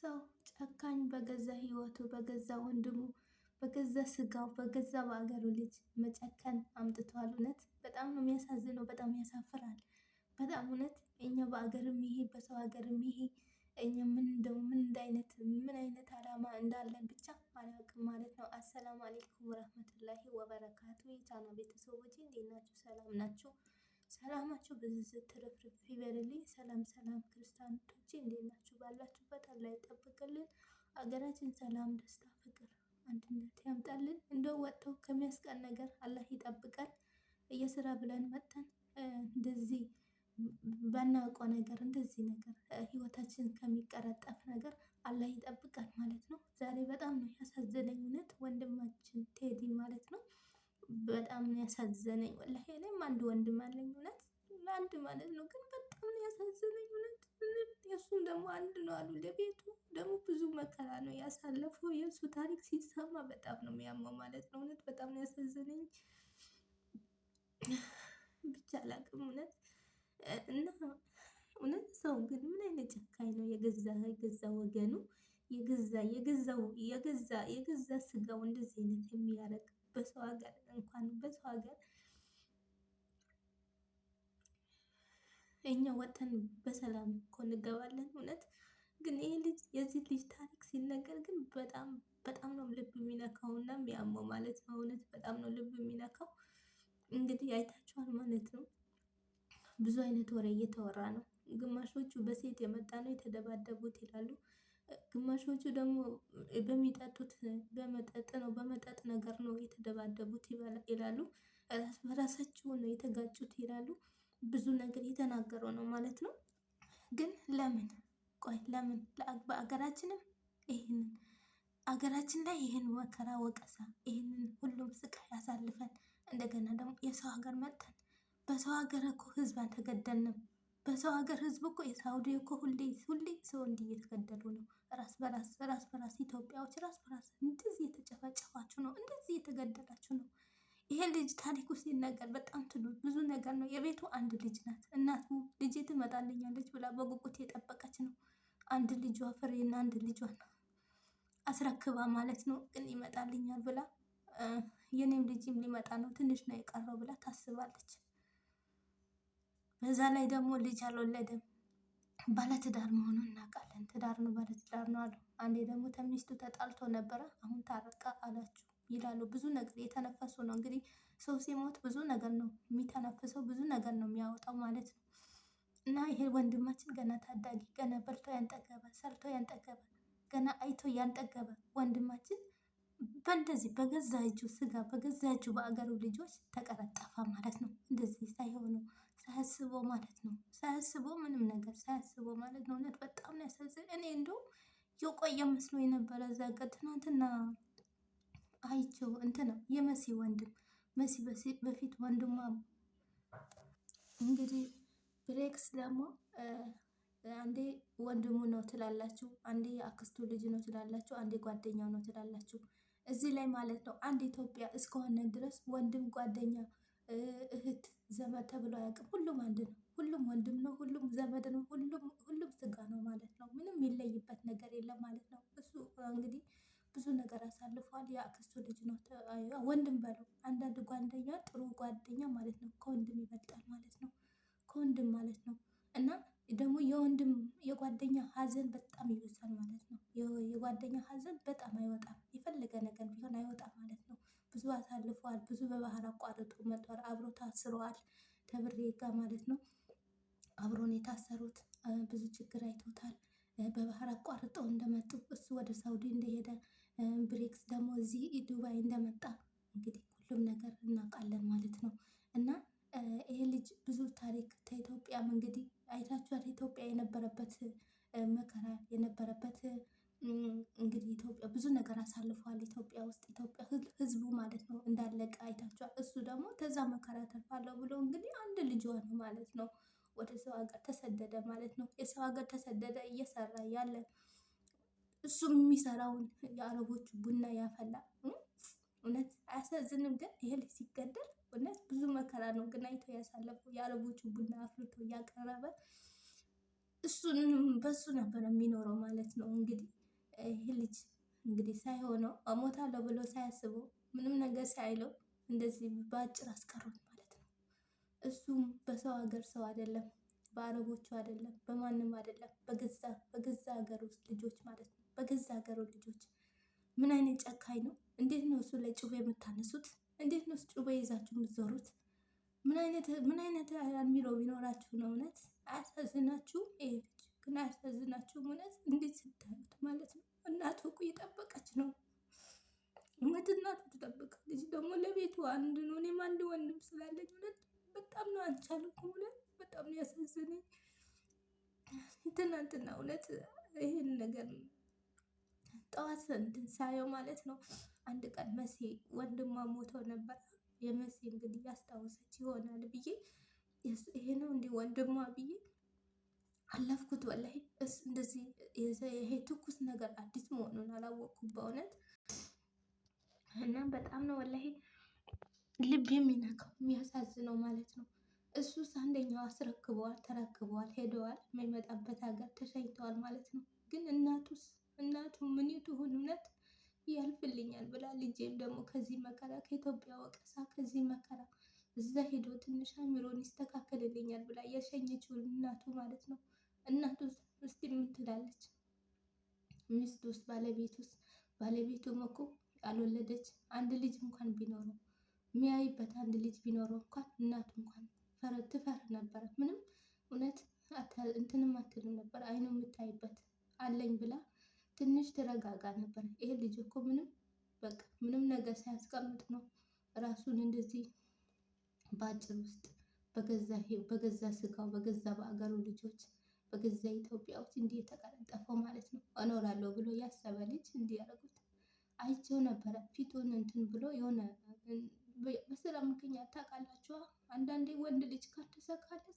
ሰው ጨካኝ በገዛ ህይወቱ፣ በገዛ ወንድሙ፣ በገዛ ስጋው፣ በገዛ በአገሩ ልጅ መጨከን አምጥቷል። እውነት በጣም ነው የሚያሳዝነው፣ በጣም ያሳፍራል። በጣም እውነት እኛ በአገርም ይሄ በሰው ሀገርም ይሄ እኛ ምን እንደው ምን አይነት ምን አይነት አላማ እንዳለን ብቻ አላውቅም ማለት ነው። አሰላሙ አለይኩም ወራህመቱላሂ ወበረካቱ የቻና ቤተሰቦች እንዴት ናችሁ? ሰላም ናችሁ? ሰላማችሁ ብዝዝት ትርፍርፍ ይበልልኝ። ሰላም ሰላም ክርስቲያኖቼ እንዴት ናችሁ? ባላችሁበት አላህ ይጠብቅልን። አገራችን ሰላም፣ ደስታ፣ ፍቅር፣ አንድነት ያምጣልን። እንደው ወጥተው ከሚያስቀን ነገር አላህ ይጠብቃል። እየስራ ብለን መጥተን እንደዚህ ባናውቀው ነገር እንደዚህ ነገር ህይወታችን ከሚቀረጠፍ ነገር አላህ ይጠብቃል ማለት ነው። ዛሬ በጣም ነው ያሳዘነኝ እውነት ወንድማችን ቴዲ ማለት ነው። በጣም ያሳዘነኝ ወላሂ እኔም አንድ ወንድም አለኝ እውነት ለአንድ ማለት ነው። ግን በጣም ነው ያሳዘነኝ እውነት። እሱም ደግሞ አንድ ነው አሉ። ለቤቱ ደግሞ ብዙ መከራ ነው ያሳለፈው። የእሱ ታሪክ ሲሰማ በጣም ነው የሚያመው ማለት ነው። እውነት በጣም ነው ያሳዘነኝ። ብቻ አላቅም እውነት እና እውነት ሰው ግን ምን አይነት ጨካኝ ነው! የገዛ የገዛ ወገኑ የገዛ የገዛው የገዛ የገዛ ስጋው እንደዚህ አይነት የሚያደርግ በሰው ሀገር እንኳን በሰው ሀገር እኛ ወጥተን በሰላም እኮ እንገባለን። እውነት ግን ይህ ልጅ የዚህ ልጅ ታሪክ ሲነገር ግን በጣም በጣም ነው ልብ የሚነካው እና የሚያመው ማለት ነው። እውነት በጣም ነው ልብ የሚነካው። እንግዲህ አይታችኋል ማለት ነው። ብዙ አይነት ወሬ እየተወራ ነው። ግማሾቹ በሴት የመጣ ነው የተደባደቡት ይላሉ። ግማሾቹ ደግሞ በሚጠጡት በመጠጥ ነው በመጠጥ ነገር ነው የተደባደቡት ይላሉ። በራሳቸው ነው የተጋጩት ይላሉ። ብዙ ነገር እየተናገሩ ነው ማለት ነው። ግን ለምን ቆይ ለምን በአገራችንም ይህንን አገራችን ላይ ይህን መከራ ወቀሳ፣ ይህንን ሁሉም ስቃይ አሳልፈን እንደገና ደግሞ የሰው ሀገር መጥተን በሰው ሀገር እኮ ህዝብ አልተገደልንም። በሰው ሀገር ህዝብ እኮ የሳውዲ እኮ ሁሌ ሁሌ ሰው እንዲህ እየተገደሉ ነው። ራስ በራስ ራስ በራስ ኢትዮጵያዎች ራስ በራስ እንደዚህ የተጨፋጨፋችሁ ነው፣ እንደዚህ የተገደላችሁ ነው። ይሄ ልጅ ታሪክ ውስጥ ይናገር በጣም ትሉ ብዙ ነገር ነው። የቤቱ አንድ ልጅ ናት። እናቱ ልጅ ትመጣልኛለች ብላ በጉጉት የጠበቀች ነው። አንድ ልጇ ፍሬና አንድ ልጇን አስረክባ ማለት ነው። ግን ይመጣልኛል ብላ የኔም ልጅም ሊመጣ ነው ትንሽ ነው የቀረው ብላ ታስባለች። በዛ ላይ ደግሞ ልጅ አልወለደም። ባለትዳር መሆኑን እናውቃለን። ትዳር ነው ባለትዳር ነው አሉ። አንዴ ደግሞ ተሚስቱ ተጣልቶ ነበረ። አሁን ታረቃ አላችሁ ይላሉ። ብዙ ነገር የተነፈሱ ነው እንግዲህ ሰው ሲሞት ብዙ ነገር ነው የሚተነፍሰው፣ ብዙ ነገር ነው የሚያወጣው ማለት ነው። እና ይሄ ወንድማችን ገና ታዳጊ ገና በልቶ ያንጠገበ ሰርቶ ያንጠገበ ገና አይቶ ያንጠገበ ወንድማችን በእንደዚህ በገዛ እጁ ስጋ በገዛ እጁ በአገሩ ልጆች ተቀረጠፈ ማለት ነው። እንደዚህ ሳይሆኑ ሳያስቦ ማለት ነው። ሳያስቦ ምንም ነገር ሳያስቦ ማለት ነው። እውነት በጣም ያሳዝን። እኔ እንደው የቆየ መስሎ የነበረ እዛ ትናንትና አይቸው እንትን ነው የመሲ ወንድም መሲ በፊት ወንድሟ እንግዲህ ብሬክስ ደግሞ አንዴ ወንድሙ ነው ትላላችሁ፣ አንዴ የአክስቱ ልጅ ነው ትላላችሁ፣ አንዴ ጓደኛው ነው ትላላችሁ። እዚህ ላይ ማለት ነው አንድ ኢትዮጵያ እስከሆነ ድረስ ወንድም፣ ጓደኛ፣ እህት፣ ዘመድ ተብሎ አያውቅም። ሁሉም አንድ ነው። ሁሉም ወንድም ነው። ሁሉም ዘመድ ነው። ሁሉም ስጋ ነው ማለት ነው። ምንም የሚለይበት ነገር የለም ማለት ነው። እሱ እንግዲህ ብዙ ነገር አሳልፏል። የአክስቱ ልጅ ነው ወንድም በለው። አንዳንድ ጓደኛ ጥሩ ጓደኛ ማለት ነው ከወንድም ይበልጣል ማለት ነው። ከወንድም ማለት ነው እና ደግሞ የወንድም የጓደኛ ሀዘን በጣም ይበዛል ማለት ነው። የጓደኛ ሀዘን በጣም አይወጣም የፈለገ ነገር ቢሆን አይወጣም ማለት ነው። ብዙ አሳልፏል ብዙ በባህር አቋርጦ መጥቷል አብሮ ታስሯል። ከብሬ ጋር ማለት ነው። አብሮ ነው የታሰሩት ብዙ ችግር አይቶታል። በባህር አቋርጠው እንደመጡ እሱ ወደ ሳውዲ እንደሄደ ብሬክስ ደግሞ እዚህ ዱባይ እንደመጣ እንግዲህ ሁሉም ነገር እናውቃለን ማለት ነው። እና ይሄ ልጅ ብዙ ታሪክ ከኢትዮጵያም እንግዲህ አይታችኋል። ኢትዮጵያ የነበረበት መከራ የነበረበት እንግዲህ ኢትዮጵያ ብዙ ነገር አሳልፏል። ኢትዮጵያ ውስጥ ኢትዮጵያ ህዝቡ ማለት ነው እንዳለቀ አይታችኋል። እሱ ደግሞ ከዛ መከራ ተርፋለሁ ብሎ እንግዲህ አንድ ልጅ ሆነ ማለት ነው። ወደ ሰው ሀገር ተሰደደ ማለት ነው። የሰው ሀገር ተሰደደ እየሰራ ያለ እሱም የሚሰራውን የአረቦች ቡና ያፈላ። እውነት አያሳዝንም? ግን ይሄ ልጅ ሲገደል እውነት ብዙ መከራ ነው ግን አይቶ ያሳለፈው የአረቦቹ ቡና አፍልቶ እያቀረበ እሱንም በሱ ነበር የሚኖረው ማለት ነው። እንግዲህ ይህ ልጅ እንግዲህ ሳይሆነው እሞታለሁ ብሎ ሳያስበው ምንም ነገር ሳይለው እንደዚህ በአጭር አስቀሩት ማለት ነው። እሱም በሰው ሀገር ሰው አይደለም፣ በአረቦቹ አይደለም፣ በማንም አይደለም፣ በገዛ በገዛ ሀገር ውስጥ ልጆች ማለት ነው። በገዛ ሀገሩ ልጆች ምን አይነት ጨካኝ ነው? እንዴት ነው እሱ ላይ ጩቤ የምታነሱት? እንዴት ነው ጩቤ ይዛችሁ የምትዞሩት? ምን አይነት የሚለው ቢኖራችሁ ነው? እውነት አያሳዝናችሁ? ይሄ ልጅ ግን አያሳዝናችሁ? እውነት እንዴት ስታዩት ማለት ነው። እናቱ እኮ እየጠበቀች ነው። እውነት እናቱ ትጠብቃለች። ደግሞ ለቤቱ አንድ ነው። እኔም አንድ ወንድም ስላለኝ እውነት በጣም ነው አንቻልም። እውነት በጣም ነው ያሳዝነኝ። ትናንትና እውነት ይህን ነገር ጠዋት እንትን ሳየው ማለት ነው። አንድ ቀን መሲ ወንድሟ ሞተው ነበር። የመሲ እንግዲህ ያስታወሰች ይሆናል ብዬ ይሄ ነው እንዲህ ወንድሟ ብዬ አለፍኩት። ወላሂ እንደዚህ ይሄ ትኩስ ነገር አዲስ መሆኑን አላወቅኩም በእውነት እና በጣም ነው ወላይ ልብ የሚነካው የሚያሳዝነው ማለት ነው። እሱስ አንደኛው አስረክበዋል፣ ተረክበዋል፣ ሄደዋል፣ የሚመጣበት ሀገር ተሸኝተዋል ማለት ነው። ግን እናቱስ እናቱ ምን ትሁን እውነት ያልፍልኛል ብላ ልጄም ደግሞ ከዚህ መከራ ከኢትዮጵያ ወቀሳ ከዚህ መከራ እዛ ሄዶ ትንሽ አእምሮን ይስተካከልልኛል ብላ የሸኘችውን እናቱ ማለት ነው። እናቱ እስቲ ምን ትላለች? ሚስት ውስጥ ባለቤት ውስጥ ባለቤቱም እኮ ያልወለደች አንድ ልጅ እንኳን ቢኖረው የሚያይበት አንድ ልጅ ቢኖረው እንኳን እናቱ እንኳን ትፈር ነበረ። ምንም እውነት እንትንም አትልም ነበር አይኑ የምታይበት አለኝ ብላ ትንሽ ተረጋጋ ነበር። ይሄ ልጅ እኮ ምንም በቃ ምንም ነገር ሳያስቀምጥ ነው ራሱን እንደዚህ በአጭር ውስጥ በገዛ ስጋው በገዛ በአገሩ ልጆች በገዛ ኢትዮጵያ ውስጥ እንዲህ የተቀለጠፈው ማለት ነው። እኖራለሁ ብሎ ያሰበ ልጅ እንዲያደርጉት አይቼው ነበረ። ፊቱን እንትን ብሎ የሆነ በስራ ምክንያት ታውቃላችኋ፣ አንዳንዴ ወንድ ልጅ ካልተሳካለት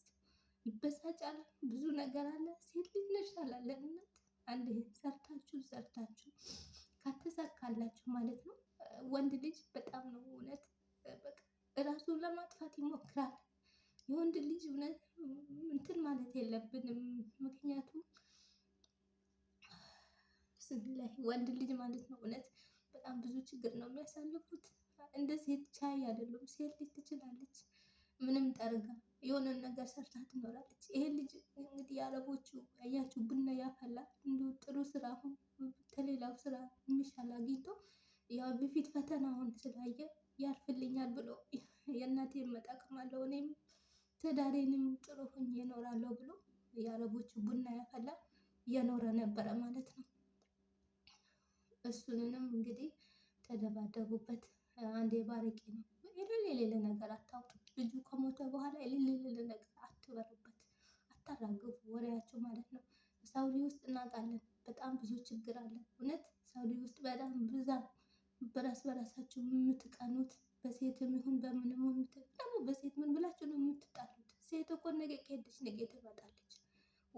ይበሳጫል። ብዙ ነገር አለ። ሴት ልጅ ነሽ አላለን እናት ይሳካል። ሰርታችሁ ሰርታችሁ ከተሳካላችሁ ማለት ነው። ወንድ ልጅ በጣም ነው እውነት እራሱን ለማጥፋት ይሞክራል። የወንድ ልጅ እውነት እንትን ማለት የለብንም ምክንያቱም ላይ ወንድ ልጅ ማለት ነው እውነት በጣም ብዙ ችግር ነው የሚያሳልፉት። እንደ ሴት ቻይ አይደሉም። ሴት ልጅ ትችላለች። ምንም ጠርጋ የሆነ ነገር ሰርታ ትኖራለች። ይሄ ልጅ እንግዲህ የአረቦቹ አያችሁ ቡና ያፈላ እንዲሁ ጥሩ ስራ አሁን ከሌላው ስራ የሚሻል አግኝቶ ያው በፊት ፈተናውን ስላየ ያልፍልኛል ብሎ የእናቴ መጠቅማለሁ እኔም ትዳሬንም ጥሩ ሆኜ እኖራለሁ ብሎ የአረቦቹ ቡና ያፈላ እየኖረ ነበረ ማለት ነው። እሱንም እንግዲህ ተደባደቡበት። አንዴ ባረቄ ነው የሌለ የሌለ ነገር አታውጡ። ልጁ ከሞተ በኋላ የሌለ የሌለ ነገር አትበሉበት፣ አታራግፉ ወሬያቸው ማለት ነው። ሳውዲ ውስጥ እናውቃለን፣ በጣም ብዙ ችግር አለ። እውነት ሳውዲ ውስጥ በጣም ብዛት በራስ በራሳቸው የምትቀኑት በሴትም ይሁን በምንም ደግሞ በሴት ምን ብላችሁ ነው የምትጣሉት? ሴት እኮ ነገ ከሄደች ነገ ትመጣለች።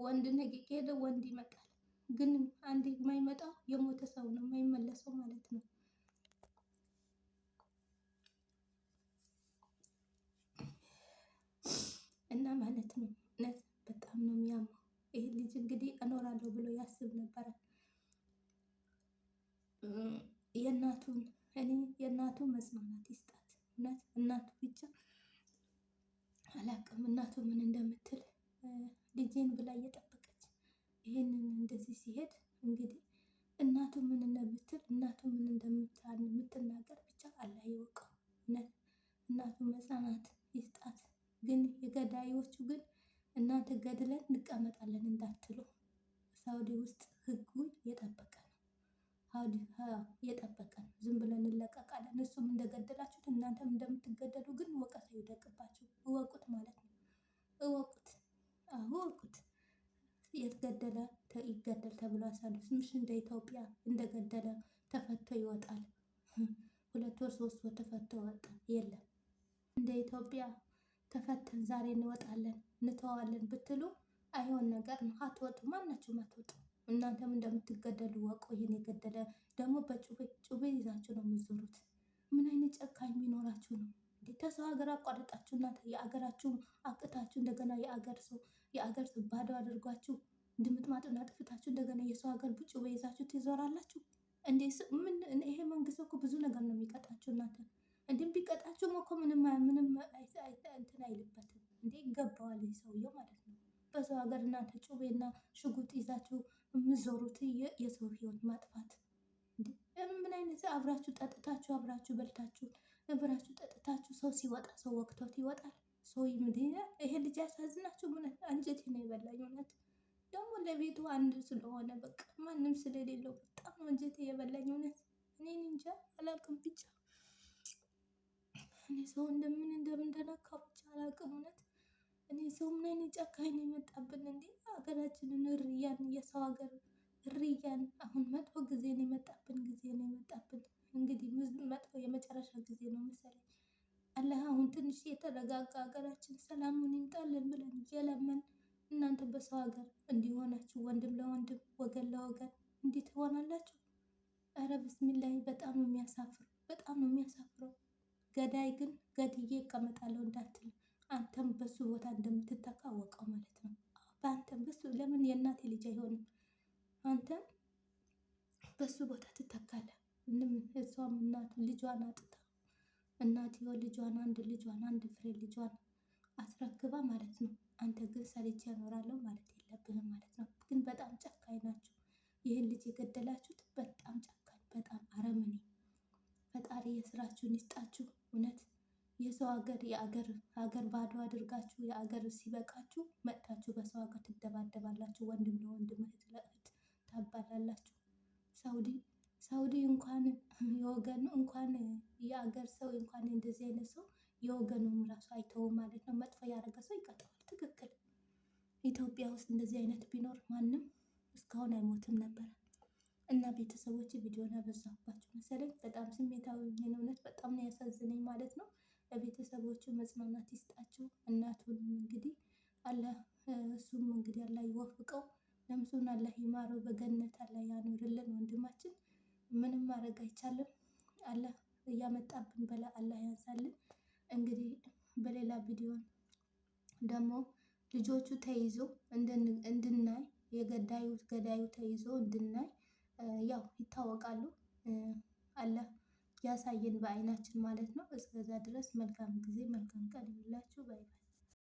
ወንድ ነገ ከሄደ ወንድ ይመጣል። ግን አንዴ የማይመጣው የሞተ ሰው ነው የማይመለሰው ማለት ነው። እና ማለት ነው እውነት በጣም ነው የሚያመው። ይህ ልጅ እንግዲህ እኖራለሁ ብሎ ያስብ ነበረ። የእናቱን እኔ የእናቱ መጽናናት ይስጣት። እውነት እናቱ ብቻ አላቅም እናቱ ምን እንደምትል ልጄን ብላ እየጠበቀች ይህንን እንደዚህ ሲሄድ እንግዲህ እናቱ ምን እንደምትል እናቱ ምን እንደምትናገር ብቻ አላየውቅም። እውነት እናቱ መጽናናት ይስጣት። ግን የገዳዮቹ ግን እናንተ ገድለን እንቀመጣለን እንዳትሉ ሳውዲ ውስጥ ህጉን የጠበቀ ነው። የጠበቀ ነው። ዝም ብለን እንለቀቃለን። እሱም እንደገደላችሁት እናንተም እንደምትገደሉ ግን ወቀሳ ይደቅባችሁ። እወቁት ማለት ነው። እወቁት፣ እወቁት። የተገደለ ይገደል ተብሎ አሳልፍ ትንሽ እንደ ኢትዮጵያ እንደገደለ ተፈቶ ይወጣል። ሁለት ወር ሶስት ወር ተፈቶ ይወጣል። የለም እንደ ኢትዮጵያ ተፈተን ዛሬ እንወጣለን እንተዋለን ብትሉ አይሆን ነገር ነው። አትወጡም፣ ማናችሁም አትወጡ። እናንተም እንደምትገደሉ ወቁ። ይህን የገደለ ደግሞ በጩቤ ይዛችሁ ነው የምትዞሩት። ምን አይነት ጨካኝ ቢኖራችሁ ነው ከሰው ሀገር አቋርጣችሁ እናንተ የአገራችሁን አቅታችሁ እንደገና የአገር ሰው የአገር ሰው ባዶ አድርጓችሁ ድምጥማጡን አጥፍታችሁ እንደገና የሰው ሀገር ጩቤ ይዛችሁ ትዞራላችሁ እንዴ? ምን ይሄ መንግስት እኮ ብዙ ነገር ነው የሚቀጣችሁ እናንተ እንዲም ቢቀጣችሁም እኮ ምንም ምንም እንትን አይልበትም እንዴ ይገባዋል፣ ይህ ሰውዬው ማለት ነው። በሰው ሀገር እናንተ ጩቤና ሽጉጥ ይዛችሁ የምዞሩት የሰው ህይወት ማጥፋት ምን አይነት አብራችሁ ጠጥታችሁ አብራችሁ በልታችሁ አብራችሁ ጠጥታችሁ ሰው ሲወጣ ሰው ወቅቶት ይወጣል። ሰው ምድ ይሄ ልጅ ያሳዝናችሁ። እውነት አንጀት ነው የበላኝ። እውነት ደግሞ ለቤቱ አንድ ስለሆነ በቃ ማንም ስለሌለው በጣም አንጀት የበላኝ እውነት። እኔን እንጃ አላቅም ብቻ እኔ ሰው እንደምን እንደምንደነካ ብቻ አላውቅም። እውነት እኔ ሰው ምን አይነት ጨካኝ ነው የመጣብን እንዴ! ሀገራችንን እርያን የሰው ሀገር እርያን አሁን መጥፎ ጊዜ ነው የመጣብን ጊዜ ነው የመጣብን። እንግዲህ መጥፎ የመጨረሻ ጊዜ ነው መሰለኝ። አላህ አሁን ትንሽ የተረጋጋ ሀገራችን ሰላሙን ይምጣልን ብለን እየለመን እናንተ በሰው ሀገር እንዲሆናችሁ ወንድም ለወንድም ወገን ለወገን እንዲህ ትሆናላችሁ። እረ ብስሚላይ በጣም ነው የሚያሳፍር፣ በጣም ነው የሚያሳፍር። ገዳይ ግን ገድዬ እቀመጣለሁ እንዳትል አንተም በሱ ቦታ እንደምትተቃወቀው ማለት ነው። በአንተም በሱ ለምን የእናቴ ልጅ አይሆንም? አንተም በሱ ቦታ ትተካለህ። ምንም እሷም እናት ልጇን አጥታ እናትዮ ልጇን አንድ ልጇን አንድ ፍሬ ልጇን አስረክባ ማለት ነው። አንተ ግን ሰሪቼ እኖራለሁ ማለት የለብንም ማለት ነው። ግን በጣም ጨካኝ ናችሁ። ይህን ልጅ የገደላችሁት በጣም ጨካኝ፣ በጣም አረመኔ። ፈጣሪ የስራችሁን ይስጣችሁ። ባዶነት የሰው ሀገር የአገር ሀገር ባዶ አድርጋችሁ የአገር ሲበቃችሁ መጥታችሁ በሰው ሀገር ትደባደባላችሁ። ወንድም ለወንድም እህት ለእህት ታባላላችሁ። ሳውዲ ሳውዲ እንኳን የወገን እንኳን የአገር ሰው እንኳን እንደዚህ አይነት ሰው የወገኑም ራሱ አይተውም ማለት ነው። መጥፎ ያደረገ ሰው ይቀጣዋል። ትክክል። ኢትዮጵያ ውስጥ እንደዚህ አይነት ቢኖር ማንም እስካሁን አይሞትም ነበር። እና ቤተሰቦች ቪዲዮን ያበዛሁባችሁ መሰለኝ። በጣም ስሜታዊ እውነት በጣም ነው ያሳዝነኝ ማለት ነው። ቤተሰቦቹ መጽናናት ይስጣቸው። እናቱንም እንግዲህ አላህ እሱም እንግዲህ አላህ ይወፍቀው፣ ነፍሱን አላህ ይማረው፣ በገነት አላህ ያኑርልን። ወንድማችን ምንም ማድረግ አይቻልም። አላህ እያመጣብን በላ አላህ ያንሳልን። እንግዲህ በሌላ ቪዲዮ ደግሞ ልጆቹ ተይዞ እንድናይ የገዳዩ ገዳዩ ተይዞ እንድናይ ያው ይታወቃሉ አለ ያሳየን በአይናችን ማለት ነው። እስከዛ ድረስ መልካም ጊዜ መልካም ቀን ይሁንላችሁ ባይ ባይ።